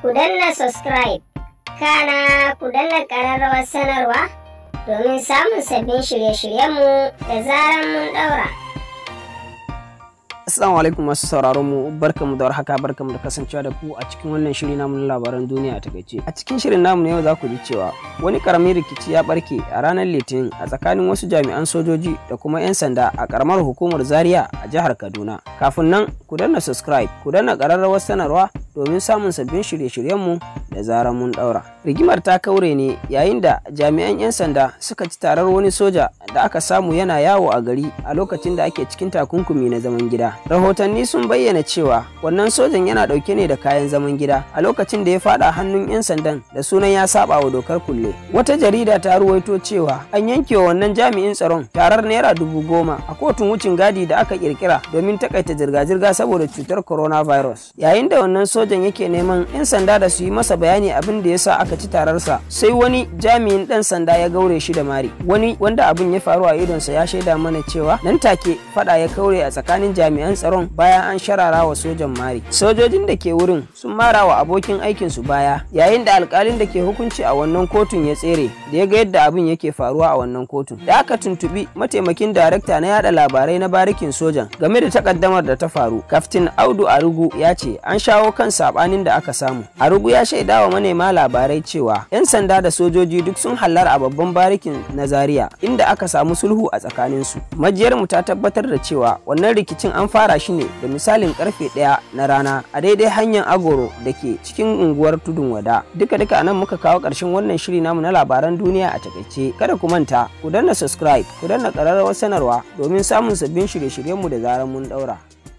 ku danna subscribe kana ku danna ƙararrawar sanarwa domin samun sabbin shirye-shiryenmu da zarar mun daura. Assalamu alaikum masu sauraron mu barkamu da warhaka barkamu da kasancewa da ku a cikin wannan shiri namu labaran duniya ta takaice. A cikin shirin namu ne yau za ku ji cewa wani karamin rikici ya barke a ranar litinin a tsakanin wasu jami'an sojoji da kuma 'yan sanda a karamar hukumar zaria a jihar kaduna kafin nan ku danna subscribe ku danna kararrawar sanarwa domin samun sabbin shirye-shiryenmu da zarar mun daura rigimar ta kaure ne yayin da jami'an 'yan sanda suka ci tarar wani soja da aka samu yana yawo a gari a lokacin da ake cikin takunkumi na zaman gida rahotanni sun bayyana cewa wannan sojan yana dauke ne da kayan zaman gida a lokacin da ya fada hannun 'yan sandan da sunan ya saba wa dokar kulle ne wata jarida ta ruwaito cewa an yanke wa wannan jami'in tsaron tarar naira dubu goma a kotun wucin gadi da aka kirkira domin takaita jirga-jirga saboda cutar coronavirus yayin da wannan sojan yake neman 'yan sanda da su yi masa bayani abin da ya sa aka ci tararsa sai wani jami'in ɗan sanda ya gaure shi da mari wani wanda abin ya faru a idonsa ya shaida mana cewa nan take fada ya kaure a tsakanin jami'an tsaron bayan an sharara wa sojan mari sojojin da ke wurin sun mara wa abokin aikinsu baya yayin da alkalin da ke hukunci a wannan kotun kotun ya tsere da ya ga yadda abin yake faruwa a wannan kotun da aka tuntubi mataimakin darakta na yada labarai na barikin sojan game da takaddamar da ta faru kaftin audu arugu ya ce an shawo kan sabanin da aka samu arugu ya shaida wa manema labarai cewa 'yan sanda da sojoji duk sun hallar a babban barikin na zaria inda aka samu sulhu a tsakaninsu majiyar mu ta tabbatar da cewa wannan rikicin an fara shi ne da misalin karfe ɗaya na rana a daidai hanyar agoro da ke cikin unguwar tudun wada duka duka nan muka kawo ƙarshen wannan shiri na namu na labaran duniya a takaice kada ku manta ku danna subscribe ku danna ƙararrawar sanarwa domin samun sabbin shirye-shiryenmu da zarar mun ɗaura.